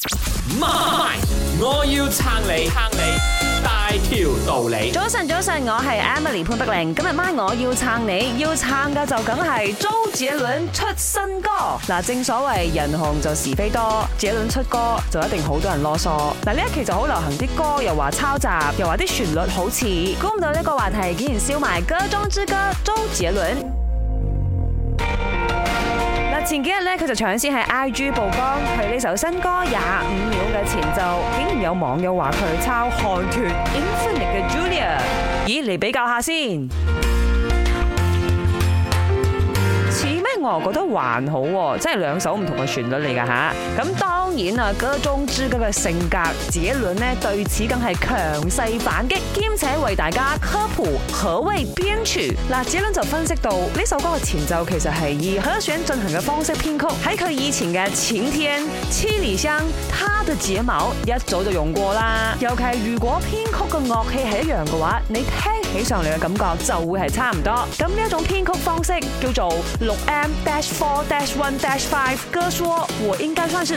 要我要撐你，撐你大條道理。早晨，早晨，我係 Emily 潘碧玲。今日晚我要撐你，要撐嘅就梗係周杰倫出新歌。嗱，正所謂人紅就是非多，杰倫出歌就一定好多人囉嗦。嗱，呢一期就好流行啲歌又，又話抄襲，又話啲旋律好似。估唔到呢個話題，竟然笑埋歌中之歌周杰倫。前幾日咧，佢就搶先喺 IG 曝光佢呢首新歌廿五秒嘅前奏，竟然有網友話佢抄韓團 Infinite 嘅 Julia。咦？嚟比較一下先，似咩？我又覺得還好喎，即係兩首唔同嘅旋律嚟㗎嚇。咁當，當然啊，歌中之歌嘅性格，杰倫呢對此更係強勢反擊，兼且為大家科普何謂編曲。嗱，杰倫就分析到呢首歌嘅前奏其實係以和弦進行嘅方式編曲，喺佢以前嘅《晴天》《七里香》《她的睫毛》一早就用過啦。尤其係如果編曲嘅樂器係一樣嘅話，你聽起上嚟嘅感覺就會係差唔多。咁呢一種編曲方式叫做六 m dash four dash one dash five。哥說我應該算是